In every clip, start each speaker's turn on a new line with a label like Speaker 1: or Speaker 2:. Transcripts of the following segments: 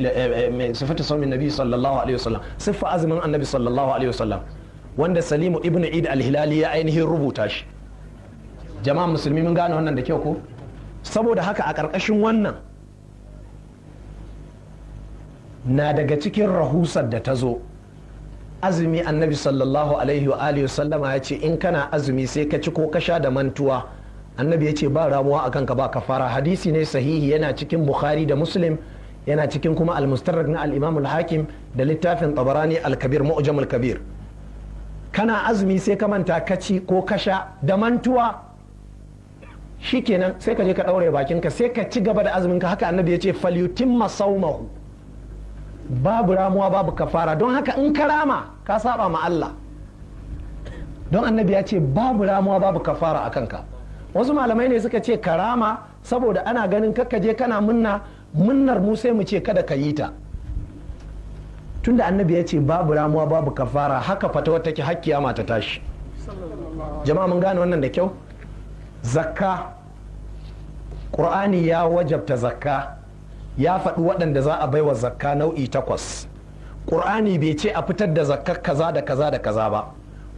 Speaker 1: Eh, eh, sifatu saumin nabi sallallahu alaihi wasallam siffa azumin annabi sallallahu alaihi wasallam wanda salimu ibnu id al-hilali ya ainihin rubuta shi jama'a musulmi mun gane wannan da kyau ko saboda haka a ƙarƙashin wannan na daga cikin rahusar da ta zo azumi annabi sallallahu alaihi wa alihi sallama ya ce in kana azumi sai ka ci ko ka sha da mantuwa annabi ya ce ba ramuwa akan ka ba kafara hadisi ne sahihi yana cikin bukhari da muslim yana cikin kuma al na al-imam al-hakim da littafin tabarani al-kabir mu'jam al-kabir kana azumi sai ka manta kaci ko kasha da mantuwa shikenan sai ka je ka daure bakinka sai ka ci gaba da azumin ka haka annabi ya ce falyutimma saumahu babu ramuwa babu kafara don haka in ka rama ka saba ma Allah don annabi ya ce babu ramuwa babu kafara a kanka wasu malamai ne suka ce karama saboda ana ganin kakkaje kana munna munnar mu sai mu ce kada ka yi ta tunda annabi ya ce babu ramuwa babu kafara haka fatawa take hakki ya mata tashi jama'a mun gane wannan da kyau zakka ƙur'ani ya wajabta zakka ya faɗi waɗanda za a baiwa zakka nau'i takwas ƙur'ani bai ce a fitar da zakka kaza da kaza da kaza ba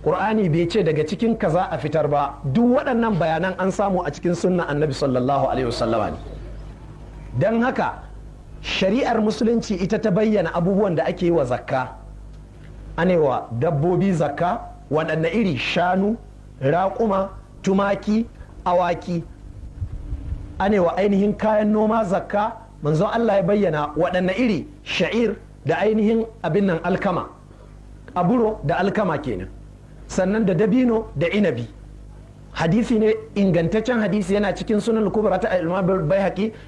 Speaker 1: ƙur'ani bai ce daga cikin kaza a fitar ba duk waɗannan bayanan an samu a cikin sunna annabi sallallahu alaihi wasallama ne don haka shari'ar musulunci ita ta bayyana abubuwan da ake yi wa zakka anewa dabbobi zakka waɗanne iri shanu raƙuma tumaki awaki anewa ainihin kayan noma zakka manzon allah ya bayyana waɗanne iri sha'ir da ainihin abin nan alkama aburo da alkama kenan sannan da dabino da inabi hadisi ne ingantaccen hadisi yana cikin sunan kubra ta al-imam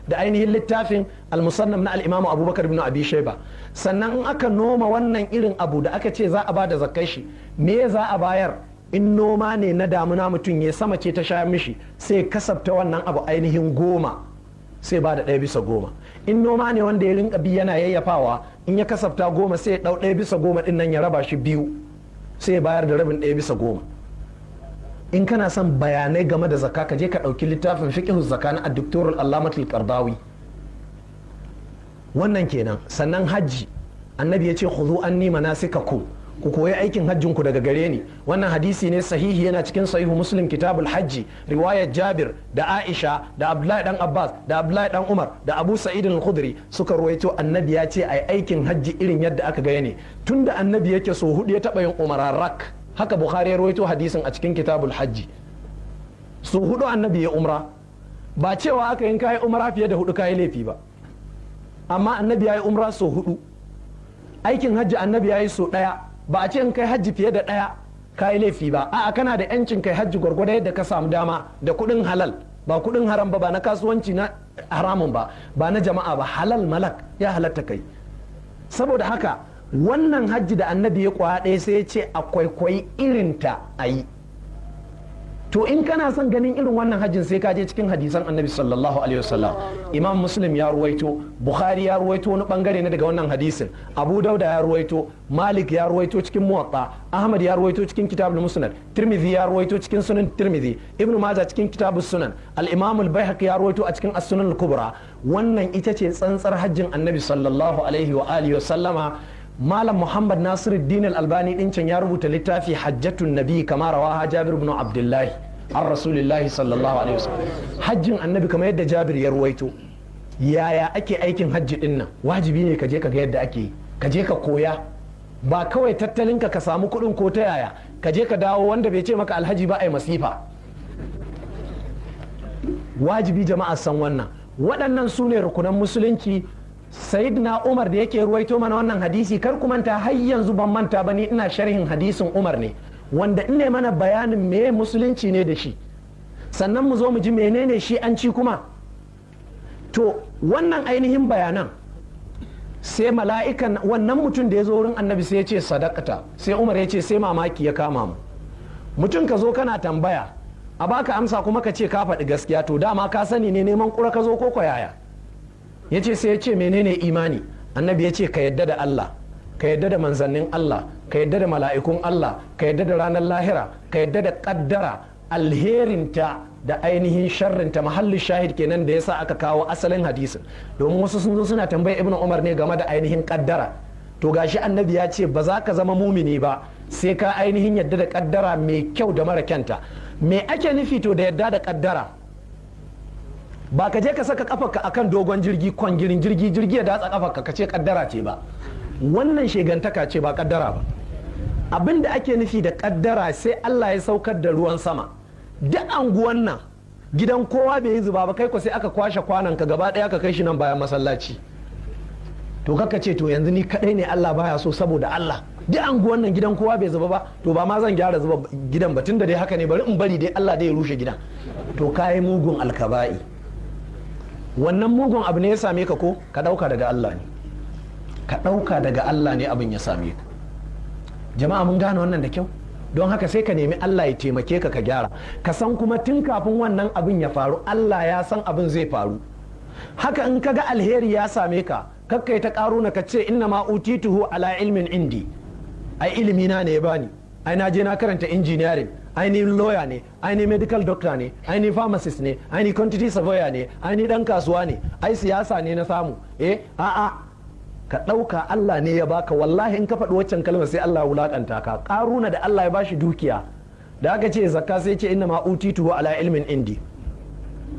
Speaker 1: da ainihin littafin al-musannam na al-imam abubakar ibn abi shayba sannan in aka noma wannan irin abu da aka ce za a bada zakkai shi me za a bayar in noma ne na damuna mutum ya sama ce ta sha mishi sai kasafta wannan abu ainihin goma sai ba da ɗaya bisa goma in noma ne wanda ya rinka bi yana yayyafawa in ya kasafta goma sai ya ɗau ɗaya bisa goma dinnan ya raba shi biyu sai ya bayar da rabin ɗaya bisa goma in kana son bayanai game da zaka ka je ka ɗauki littafin fiqhu zaka na addoktorul allamatul qardawi wannan kenan sannan hajji annabi ya ce khudhu na manasikakum ku ku koyi aikin hajjin ku daga gare ni wannan hadisi ne sahihi yana cikin sahihu muslim kitabul hajji riwayar jabir da aisha da abdullahi dan abbas da abdullahi dan umar da abu sa'id al suka ruwaito annabi ya ce ai aikin hajji irin yadda aka gaya ne tunda annabi yake so hudu ya taba yin umararrak. haka bukhari ya rawaito hadisin a cikin kitabul hajji su hudu annabi ya umra ba cewa aka yin kayi umra fiye da hudu kayi laifi ba amma annabi ya yi umra so hudu aikin hajji annabi ya yi su daya ba a ce in kai hajji fiye da daya kayi laifi ba a'a kana da yancin kai hajji gwargwada yadda ka samu dama da kudin halal ba kudin haram ba ba na kasuwanci na haramun ba ba na jama'a ba halal malak ya halatta kai saboda haka wannan hajji da annabi ya kwaya ɗaya sai ya ce a kwaikwayi irinta a yi to in kana son ganin irin wannan hajjin sai ka je cikin hadisan annabi sallallahu alaihi wasallam imam muslim ya ruwaito bukhari ya ruwaito wani bangare ne daga wannan hadisin abu dauda ya ruwaito malik ya ruwaito cikin muwatta ahmad ya ruwaito cikin kitabul musnad tirmidhi ya ruwaito cikin sunan tirmidhi ibn majah cikin kitabus sunan al imam al baihaqi ya ruwaito a cikin as-sunan al kubra wannan ita ce tsantsar hajjin annabi sallallahu alaihi wa alihi wasallama malam muhammad nasiruddin albani din can ya rubuta littafi hajjatun nabi kama rawaha jabir ibn abdullahi an sallallahu alaihi wasallam hajjin annabi kamar yadda jabir ya ruwaito yaya ake aikin hajji din nan wajibi ne ka je ka ga yadda ake yi ka je ka koya ba kawai tattalinka ka samu kuɗin ko ta yaya ka je ka dawo wanda bai ce maka alhaji ba ai masifa wajibi jama'a san wannan waɗannan su ne rukunan musulunci na umar da yake ruwaito mana wannan hadisi kar ku manta har yanzu ban manta ba ni ina sharhin hadisin umar ne wanda in ne mana bayanin me musulunci ne da shi sannan mu zo mu ji menene shi an ci kuma to wannan ainihin bayanan sai mala'ikan wannan mutum da ya zo wurin annabi sai ya ce sadakata sai umar ya ce sai mamaki ya kama mu mutum ka zo kana tambaya a baka amsa kuma ka ce ka faɗi gaskiya to dama ka sani ne neman kura ka zo ko yaya ya ce sai ya ce menene imani annabi ya ce ka yadda da allah ka yadda da manzannin allah ka yadda da mala'ikun allah ka yadda da ranar lahira ka yadda da kaddara alherinta da ainihin sharrinta mahallin shahid kenan da yasa aka kawo asalin hadisin domin wasu sun zo suna tambaya ibnu umar ne game da ainihin kaddara to gashi annabi ya ce ba za ka zama mumini ba sai ka ainihin yadda da kaddara mai kyau da mara kyanta me ake nufi to da yadda da kaddara ba ka je ka saka kafarka akan dogon jirgi kwangirin jirgi jirgi ya datsa kafarka ka ce kaddara ce ba wannan shegantaka ce ba kaddara ba abin da ake nufi da kaddara sai Allah ya saukar da ruwan sama duk anguwan nan gidan kowa bai yi zuba ba kai ko sai aka kwashe kwanan ka gaba daya ka kai shi nan bayan masallaci to kaka ce to yanzu ni kadai ne Allah baya so saboda Allah duk anguwan nan gidan kowa bai zuba ba to ba ma zan gyara zuba gidan ba tunda dai haka ne bari in bari dai Allah dai ya rushe gidan to kai mugun alkaba'i wannan mugun abu ne ya same ka ko ka ɗauka daga Allah ne ka ɗauka daga Allah ne abin ya same ka jama'a mun gane wannan da kyau don haka sai ka nemi Allah ya taimake ka ka gyara ka san kuma tun kafin wannan abin ya faru Allah ya san abin zai faru haka in ka ga alheri ya same ka kakkai ta na ka ce inna ma utituhu ala ilmin indi ai ilimi na ne ya bani ai na je na karanta injiniyarin ainihin lawyer ne ainihin medical doctor ne ainihin pharmacist ne ainihin quantity surveyor ne ainihin dan kasuwa ne ai siyasa ne na samu eh a'a ka ɗauka Allah ne ya baka wallahi in ka faɗi waccan kalmar sai Allah ya wulakanta ka karuna da Allah ya bashi dukiya da aka ce zakka sai ce inna ma utitu ala ilmin indi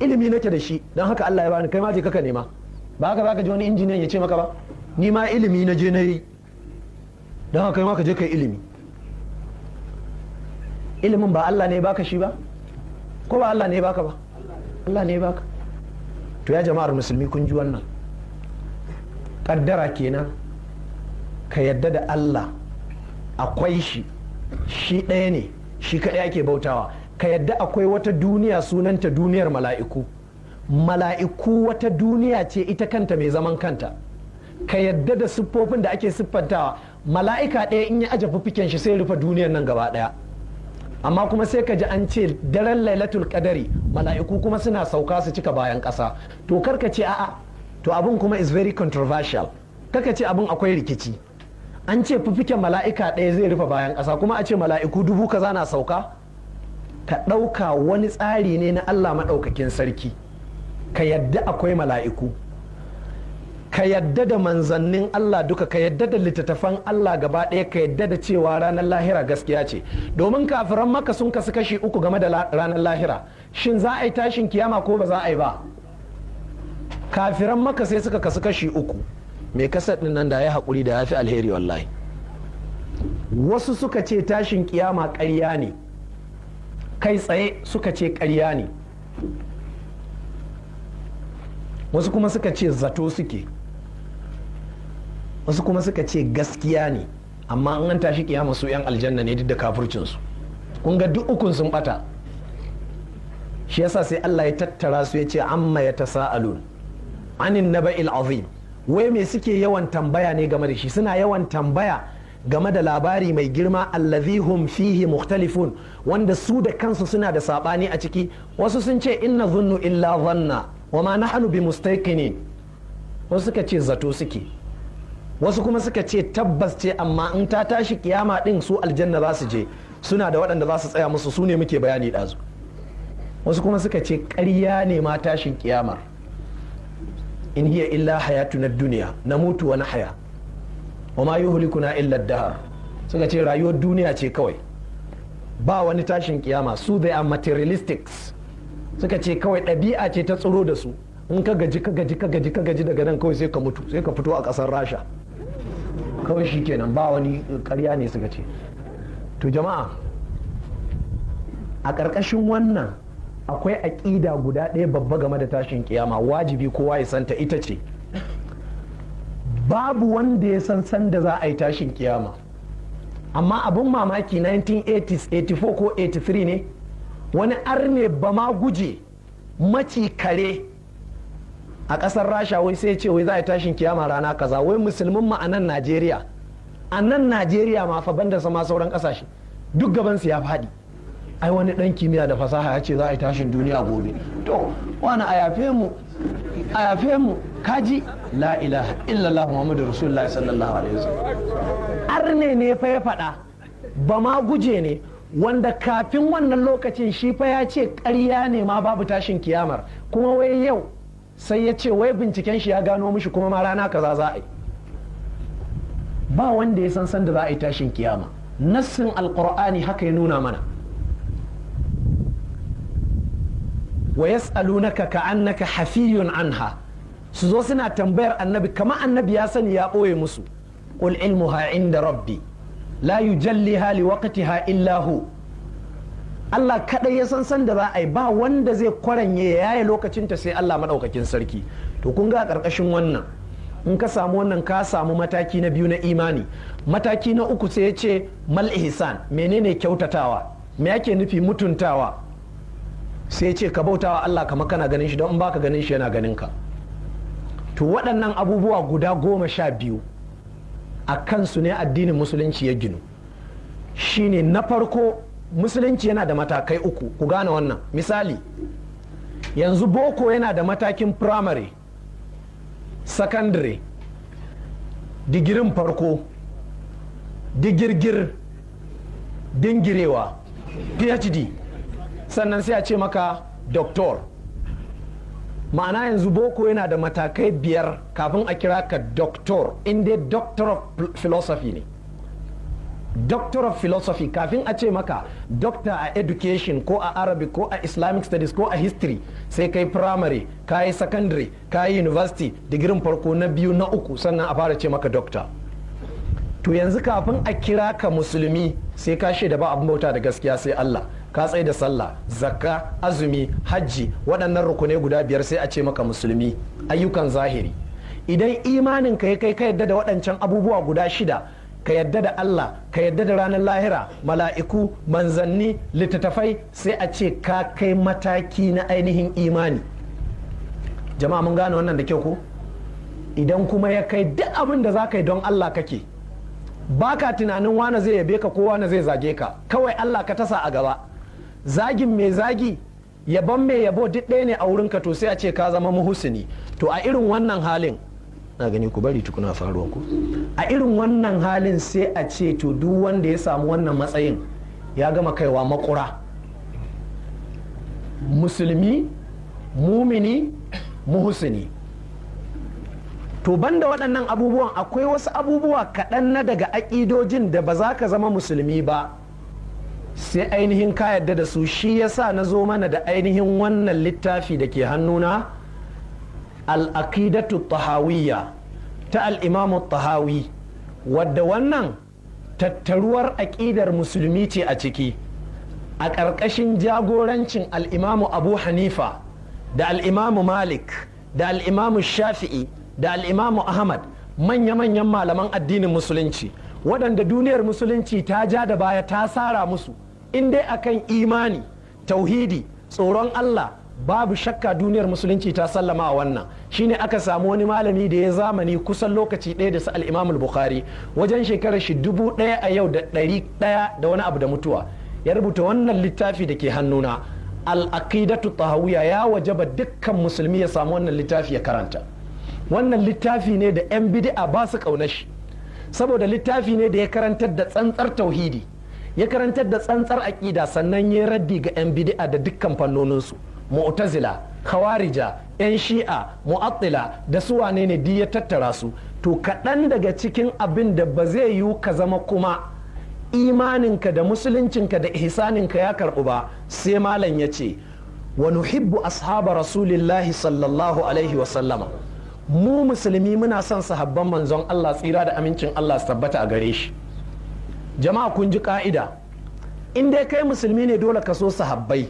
Speaker 1: ilimi nake da shi don haka Allah ya bani kai ma je kaka nema ba haka zaka je wani injiniyan ya ce maka ba ni ma ilimi na je na yi don haka kai ma ka je kai ilimi ilimin ba Allah ne baka shi ba ko ba Allah ne baka ba Allah ne baka to ya jama'ar musulmi kun ji wannan kaddara kenan ka yadda da Allah akwai shi shi ɗaya ne shi kaɗai ake bautawa ka yadda akwai wata duniya sunanta duniyar mala'iku mala'iku wata duniya ce ita kanta mai zaman kanta ka yadda da siffofin da ake siffantawa mala'ika ɗaya in ya aje fiken shi sai rufe duniyar nan gaba ɗaya amma kuma sai ka ji an ce daren lailatul kadari mala'iku kuma suna sauka su cika bayan ƙasa to karka ce a'a to abin kuma is very controversial kaka ce abin akwai rikici an ce fifiken mala'ika ɗaya zai rufe bayan ƙasa kuma a ce mala'iku dubu kaza na sauka ka ɗauka wani tsari ne na Allah maɗaukakin sarki ka yadda akwai mala'iku ka yadda da manzannin Allah duka ka yadda da littattafan Allah gaba ɗaya ka yadda da cewa ranar lahira gaskiya ce domin kafiran maka sun kasu kashi uku game da ranar lahira shin za a yi tashin kiyama ko ba za a yi ba kafiran maka sai suka kasu kashi uku mai kasar nan da ya haƙuri da ya fi alheri wallahi wasu suka ce tashin kiyama ƙarya ne kai tsaye suka ce ƙarya ne wasu kuma suka ce zato suke wasu kuma suka ce gaskiya ne amma an tashi kiyama su yan aljanna ne duk da kafircinsu kun ga duk ukun sun bata shi yasa sai Allah ya tattara su ya ce amma ya tasa'alun anin naba'il azim wai me suke yawan tambaya ne game da shi suna yawan tambaya game da labari mai girma allazi hum fihi mukhtalifun wanda su da kansu suna da sabani a ciki wasu sun ce inna zunnu illa zanna wa ma nahnu bi mustaqinin wasu suka ce zato suke wasu kuma suka ce tabbas ce amma in ta tashi kiyama din su aljanna za su je suna da waɗanda za su tsaya musu su ne muke bayani ɗazu wasu kuma suka ce ƙarya ne ma tashin kiyamar in hiya illa hayatu na duniya na mutu wani haya wa ma na illa dahar suka ce rayuwar duniya ce kawai ba wani tashin kiyama su they are materialistics suka ce kawai ɗabi'a ce ta tsoro da su in ka gaji ka gaji ka gaji ka gaji daga nan kawai sai ka mutu sai ka fito a ƙasar rasha kawai shi kenan ba wani karya ne suka ce to jama'a a ƙarƙashin wannan akwai aƙida guda ɗaya babba game da tashin kiyama wajibi kowa ya santa ita ce babu wanda ya san san da za a yi tashin kiyama amma abin mamaki 1980s 84 ko 83 ne wani arne ba ma guje maci kare a ƙasar rasha wai sai ce wai za a tashin kiyama rana kaza wai musulmin mu a nan najeriya a nan najeriya ma fa banda sama sauran ƙasashe duk gaban su ya faɗi ai wani ɗan kimiyya da fasaha ya ce za a yi tashin duniya gobe to wani a yafe mu a yafe mu kaji la ilaha illallah muhammadu rasulullah sallallahu alaihi wasallam arne ne fa ya faɗa ba ma guje ne wanda kafin wannan lokacin shi fa ya ce ƙarya ne ma babu tashin kiyamar kuma wai yau sai ya ce wai binciken shi ya gano mushi kuma ma rana kaza za a yi ba wanda ya san san da za a yi tashin kiyama nassin alkur'ani haka ya nuna mana wa yas'alunaka ka'annaka hafiyun anha su zo suna tambayar annabi kamar annabi ya sani ya ɓoye musu qul ilmuha inda rabbi la yujalliha liwaqtiha illa hu Allah kaɗai ya san san da za a yi ba wanda zai kwaranye ya yaye lokacinta sai Allah maɗaukakin sarki to kun ga ƙarƙashin wannan in ka samu wannan ka samu mataki na biyu na imani mataki na uku sai ya ce mal ihsan menene kyautatawa me yake nufi mutuntawa sai ya ce ka bautawa Allah kama kana ganin shi don in baka ganin shi yana ganin ka to waɗannan abubuwa guda goma sha biyu a kansu ne addinin musulunci ya ginu shine na farko musulunci yana da matakai uku ku gane wannan misali yanzu boko yana da matakin primary secondary digirin farko digirgir dingirewa phd sannan sai a ce maka doctor ma'ana yanzu boko yana da matakai biyar kafin a kira ka doctor inda doctor of philosophy ne doctor of philosophy kafin a ce maka doctor a education ko a arabic ko a islamic studies ko a history sai kai primary kayi secondary kayi university digirin farko na biyu na uku sannan a fara ce maka doctor to yanzu kafin a kira ka musulmi sai ka da ba abin bauta da gaskiya sai Allah ka tsaye da sallah zakka azumi hajji waɗannan rukunai guda biyar sai a ce maka musulmi ayyukan zahiri idan imanin ka ya kai ka yadda da waɗancan abubuwa guda shida ka yadda da Allah ka yadda da ranar lahira mala'iku manzanni littattafai sai a ce ka kai mataki na ainihin imani jama'a mun gane wannan da kyau ko idan kuma ya kai duk abin da za ka yi don Allah kake ka tunanin wane zai yabe ka ko wane zai zage ka kawai Allah ka tasa a gaba zagin mai zagi yabon mai yabo duk ɗaya ne a wurinka to sai a ce ka zama muhusini to a irin wannan halin na gani ku bari tukuna faruwa ku a irin wannan halin sai a ce to duk wanda ya samu wannan matsayin ya gama kaiwa makura musulmi mumini muhusini to banda waɗannan abubuwan akwai wasu abubuwa kaɗan na daga aƙidojin da ba za ka zama musulmi ba sai ainihin ka yadda da su shi yasa na zo mana da ainihin wannan littafi da ke hannuna al'aqidatu tahawiyya ta al'imamu tahawi wadda wannan tattaruwar aƙidar musulmi ce a ciki a ƙarƙashin jagorancin al'imamu abu hanifa da al'imamu malik da al'imamu shafi'i da al'imamu ahmad manya-manyan malaman addinin musulunci waɗanda duniyar musulunci ta ja da baya ta sara musu in dai akan imani tauhidi tsoron allah babu shakka duniyar musulunci ta sallama a wannan shine aka samu wani malami da ya zamani kusan lokaci ɗaya da su al'imamul bukhari wajen shekarar shi dubu ɗaya a yau da ɗari ɗaya da wani abu da mutuwa ya rubuta wannan littafi da ke hannuna al'aqidatu tahawiya ya ba dukkan musulmi ya samu wannan littafi ya karanta wannan littafi ne da 'yan bidi'a ba su shi saboda littafi ne da ya karantar da tsantsar tauhidi ya karantar da tsantsar aƙida sannan ya raddi ga 'yan bidi'a da dukkan fannoninsu mu'tazila khawarija yan shi'a mu'attila da su wane ne ya tattara su to kaɗan daga cikin abin da ba zai yiwu ka zama kuma imaninka da musuluncinka da ihsaninka ya karɓu ba sai malam ya ce wa nuhibbu ashaba rasulillahi sallallahu alaihi wa sallama, mu musulmi muna son sahabban manzon Allah tsira da amincin Allah su a gare shi jama'a kun ji ka'ida in dai kai musulmi ne dole ka so sahabbai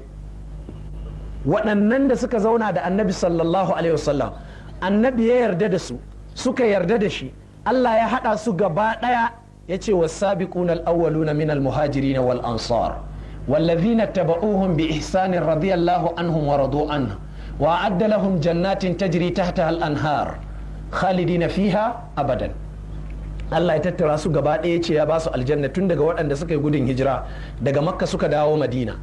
Speaker 1: waɗannan da suka zauna da annabi sallallahu alaihi wasallam annabi ya yarda da su suka yarda da shi Allah ya haɗa su gaba ɗaya ya ce wasabiquna al-awwaluna na al-muhajirin wal ansar والذين اتبعوهم بإحسان رضي Wa عنهم ورضوا jannatin وأعد لهم جنات تجري تحتها الأنهار خالدين a badan. Allah ya tattara su gaba ɗaya ce ya basu aljanna tun daga waɗanda suka yi gudun hijira daga makka suka dawo madina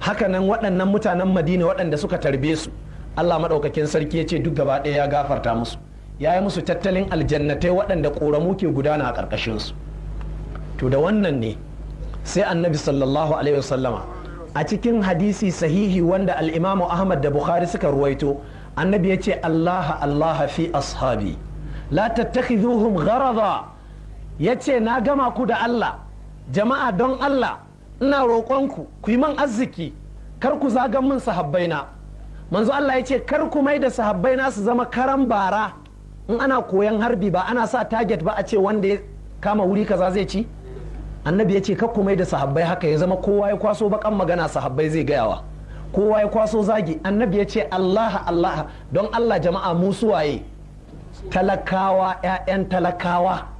Speaker 1: hakanan waɗannan mutanen madina waɗanda suka tarbe su allah maɗaukakin sarki ya ce duk gaba ɗaya ya gafarta musu ya yi musu tattalin aljannatai waɗanda ƙoramu ke gudana a ƙarƙashinsu to da wannan ne sai annabi sallallahu alaihi wasallama a cikin hadisi sahihi wanda al'imamu ahmad da bukhari suka ruwaito annabi ya ce allaha allaha fi ashabi la tattakhidhuhum gharada ya ce na gama ku da allah jama'a don allah ina roƙonku ku yi man arziki kar ku zagan min sahabbaina manzo Allah ya ce kar ku mai da sahabbaina su zama karan bara in ana koyan harbi ba ana sa target ba a ce wanda ya kama wuri kaza zai ci annabi ya ce kar ku mai da sahabbai haka ya zama kowa ya kwaso bakan magana sahabbai zai gayawa kowa ya kwaso zagi annabi ya ce Allah Allah don Allah jama'a mu suwaye talakawa 'ya'yan talakawa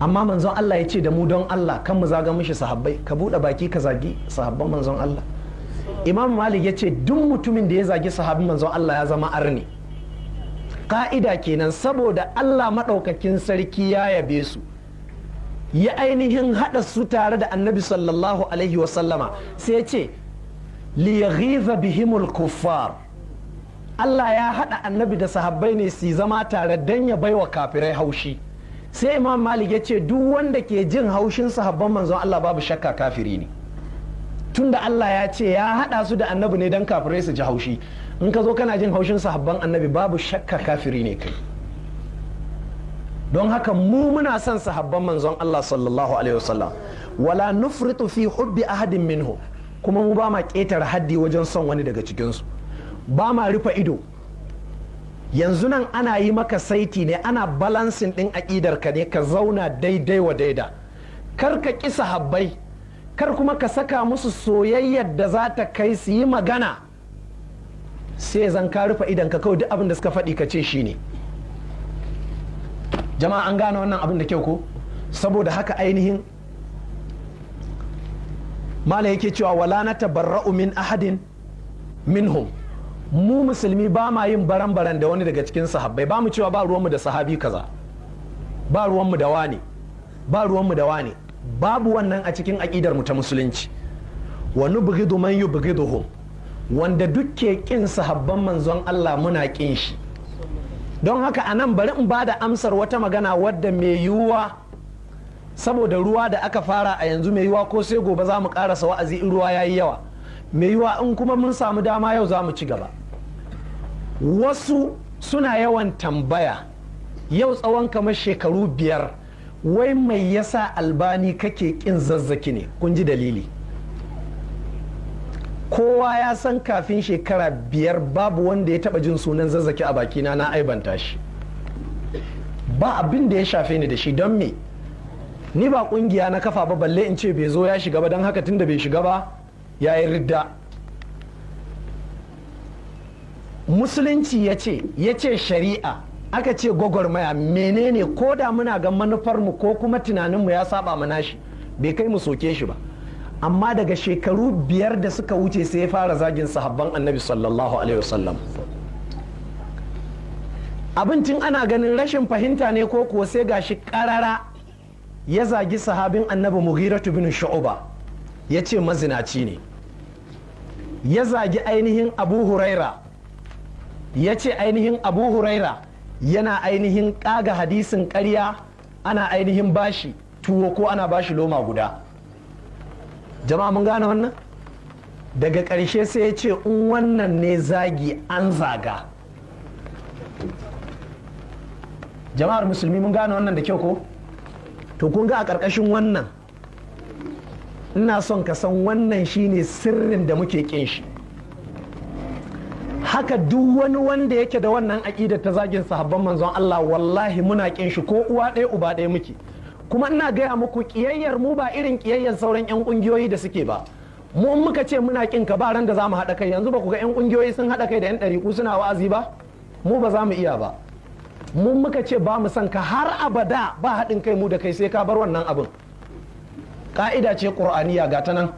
Speaker 1: amma manzon Allah ya ce da mu don Allah kan mu zaga mishi sahabbai ka buɗe baki ka zagi sahabban manzon Allah imam malik ya ce duk mutumin da ya zagi sahabin manzon Allah ya zama arni ka'ida kenan saboda Allah maɗaukakin sarki ya yabe su ya ainihin haɗa su tare da annabi sallallahu alaihi sallama sai ya ce liyaghiza bihimul kuffar Allah ya haɗa annabi da sahabbai ne su zama tare dan ya baiwa kafirai haushi sai imam malik ya ce duk wanda ke jin haushin sahabban manzon Allah babu shakka kafiri ne tunda Allah ya ce ya hada su da annabi ne dan kafirai su ji haushi in ka zo kana jin haushin sahabban annabi babu shakka kafiri ne kai don haka mu muna son sahabban manzon Allah sallallahu alaihi wasallam wala nufritu fi hubbi ahadin minhu kuma mu ba ma ketare haddi wajen son wani daga cikinsu ba ma rufe ido yanzu nan ana yi maka saiti ne ana balansin ɗin aƙidar ka ne ka zauna daidai wa daida kar ka kisa habbai kar kuma ka saka musu soyayyar da za ta kai su yi magana sai zan ka rufe idan ka kawai duk abin da suka faɗi ka ce shi ne jama'a an gane wannan abin da kyau ko saboda haka ainihin mala yake cewa wala na tabarra'u min ahadin minhum mu musulmi ba ma yin baran-baran da wani daga cikin sahabbai ba mu cewa ba ruwanmu da sahabi kaza ba ruwanmu da wane ba ruwanmu da wane babu wannan a cikin aƙidar mu ta musulunci wani bugidu man yubghiduhum wanda duk ke kin sahabban manzon Allah muna kin shi don haka a nan bari in ba da amsar wata magana wadda mai yiwuwa saboda ruwa da aka fara a yanzu mai yiwuwa ko sai gobe za mu karasa wa'azi in ruwa ya yi yawa mai yiwa in kuma mun samu dama yau za mu ci gaba wasu suna yawan tambaya yau tsawon kamar shekaru biyar wai mai yasa albani kake kin zazzaki ne kun ji dalili kowa ya san kafin shekara biyar babu wanda ya taba jin sunan zazzaki a bakina na aibanta shi ba abin da ya shafe ni da shi don me ni ba kungiya na kafa ba balle in ce bai zo ya shiga ba don haka tun da bai shiga ba ya yi ridda musulunci ya ce ya ce shari'a aka ce gwagwarmaya menene ko da muna ga manufarmu ko kuma tunaninmu ya saba mana shi bai kai mu soke shi ba amma daga shekaru biyar da suka wuce sai ya fara zagin sahabban annabi sallallahu alaihi wasallam abin ana ganin rashin fahimta ne ko kuwa sai ga shi karara ya zagi sahabin annabi mughiratu bin shu'uba ya ce mazinaci ne ya zagi ainihin abu huraira ya ce ainihin abu huraira yana ainihin ƙaga hadisin ƙarya ana ainihin bashi tuwo ko ana bashi loma guda jama'a mun gane wannan daga ƙarshe sai ya ce in wannan ne zagi an zaga jama'ar musulmi mun gane wannan da kyau ko to kun ga a ƙarƙashin wannan ina son ka san wannan shine sirrin da muke kin shi haka duk wani wanda yake da wannan aƙidar ta zagin sahabban manzon Allah wallahi muna kin shi ko uwa ɗaya uba ɗaya muke kuma ina gaya muku ƙiyayyar mu ba irin ƙiyayyar sauran 'yan ƙungiyoyi da suke ba mu muka ce muna kin ka ba ran da zamu haɗa kai yanzu ba ku ga 'yan ƙungiyoyi sun haɗa kai da 'yan ɗariƙu suna wa'azi ba mu ba za mu iya ba mu muka ce ba mu son ka har abada ba haɗin kai mu da kai sai ka bar wannan abin ka'ida ce qur'aniya ga ta nan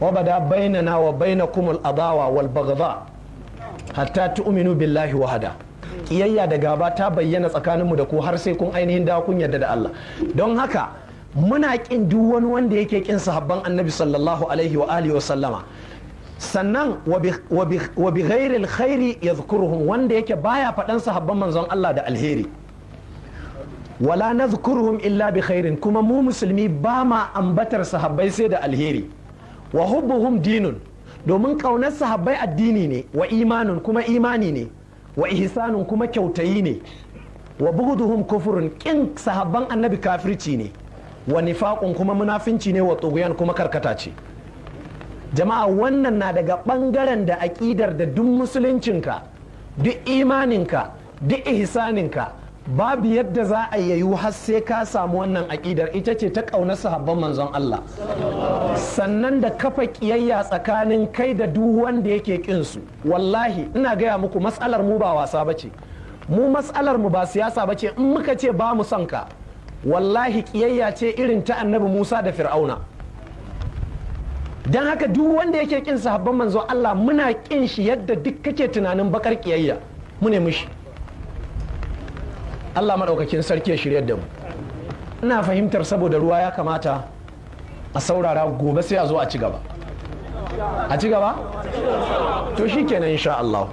Speaker 1: wa bada bainana wa bainakumul adawa wal baghdha hatta tu'minu billahi wahada kiyayya da gaba ta bayyana tsakaninmu da ku har sai kun ainihin da kun yarda da Allah don haka muna kin duk wani wanda yake kin sahabban annabi sallallahu alaihi wa alihi wa sallama sannan wa bi ghairil khairi yadhkuruhum wanda yake baya faɗan sahabban manzon Allah da alheri wala na zukurhum illa bi khairin kuma mu musulmi ba ma ambatar sahabbai sai da alheri wa hubbuhum dinun domin kaunar sahabbai addini ne wa imanin kuma imani ne wa ihsanun kuma kyautayi ne wa buhuduhum kufurun kin sahabban annabi kafirci ne wa nifaqun kuma munafinci ne wa tsuguyan kuma karkata ce jama'a wannan na daga bangaren da aƙidar da duk musuluncinka duk imaninka duk ihsaninka babu yadda za a yayu har sai ka samu wannan aƙidar ita ce ta ƙaunar sahabban manzon Allah sannan da kafa ƙiyayya tsakanin kai da duk wanda yake su. wallahi ina gaya muku matsalar mu ba wasa bace mu matsalar mu ba siyasa bace in muka ce ba mu son ka wallahi ƙiyayya ce irin ta annabi Musa da Fir'auna dan haka duk wanda yake ƙin sahabban manzon Allah muna ƙin shi yadda duk kake tunanin bakar ƙiyayya mu ne mushi Allah maɗaukakin sarki ya shirya da mu ina fahimtar saboda ruwa ya kamata a saurara gobe sai a zo a ci gaba a ci gaba to shikenan insha Allah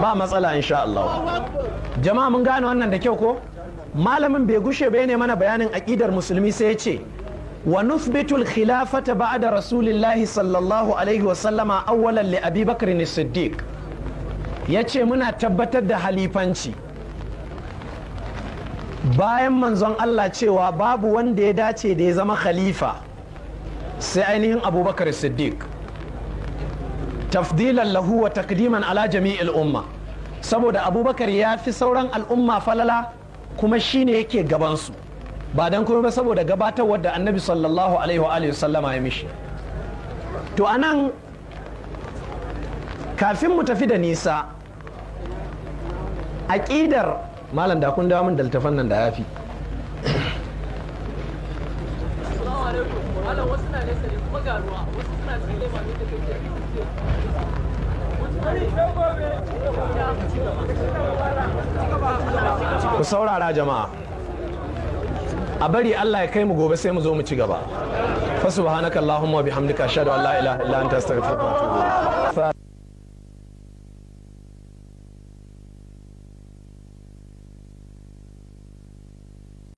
Speaker 1: ba matsala insha Allah jama'a mun gane wannan da kyau ko malamin bai gushe bai ne mana bayanin aƙidar musulmi sai ya ce wa nuthbitul khilafata ba'da rasulillahi sallallahu alaihi wa sallama awwalan li abi bakr siddiq ya ce muna tabbatar da halifanci bayan manzon Allah cewa babu wanda ya dace da ya zama khalifa sai ainihin abubakar siddiq tafdilan lahu wa takdiman ala jami'il umma saboda abubakar ya fi sauran al'umma falala kuma shine yake gabansu ba don kuma ba saboda gabatar da annabi sallallahu alaihi wa sallama ya mishi to anan kafin mu tafi da nisa aƙidar malam da kun damun daltafan da nan da yafi ku saurara jama'a a bari Allah ya kai mu gobe sai mu zo mu ci gaba fa subhanakallahumma wa bihamdika ashhadu an la ilaha illa anta astaghfiruka wa atubu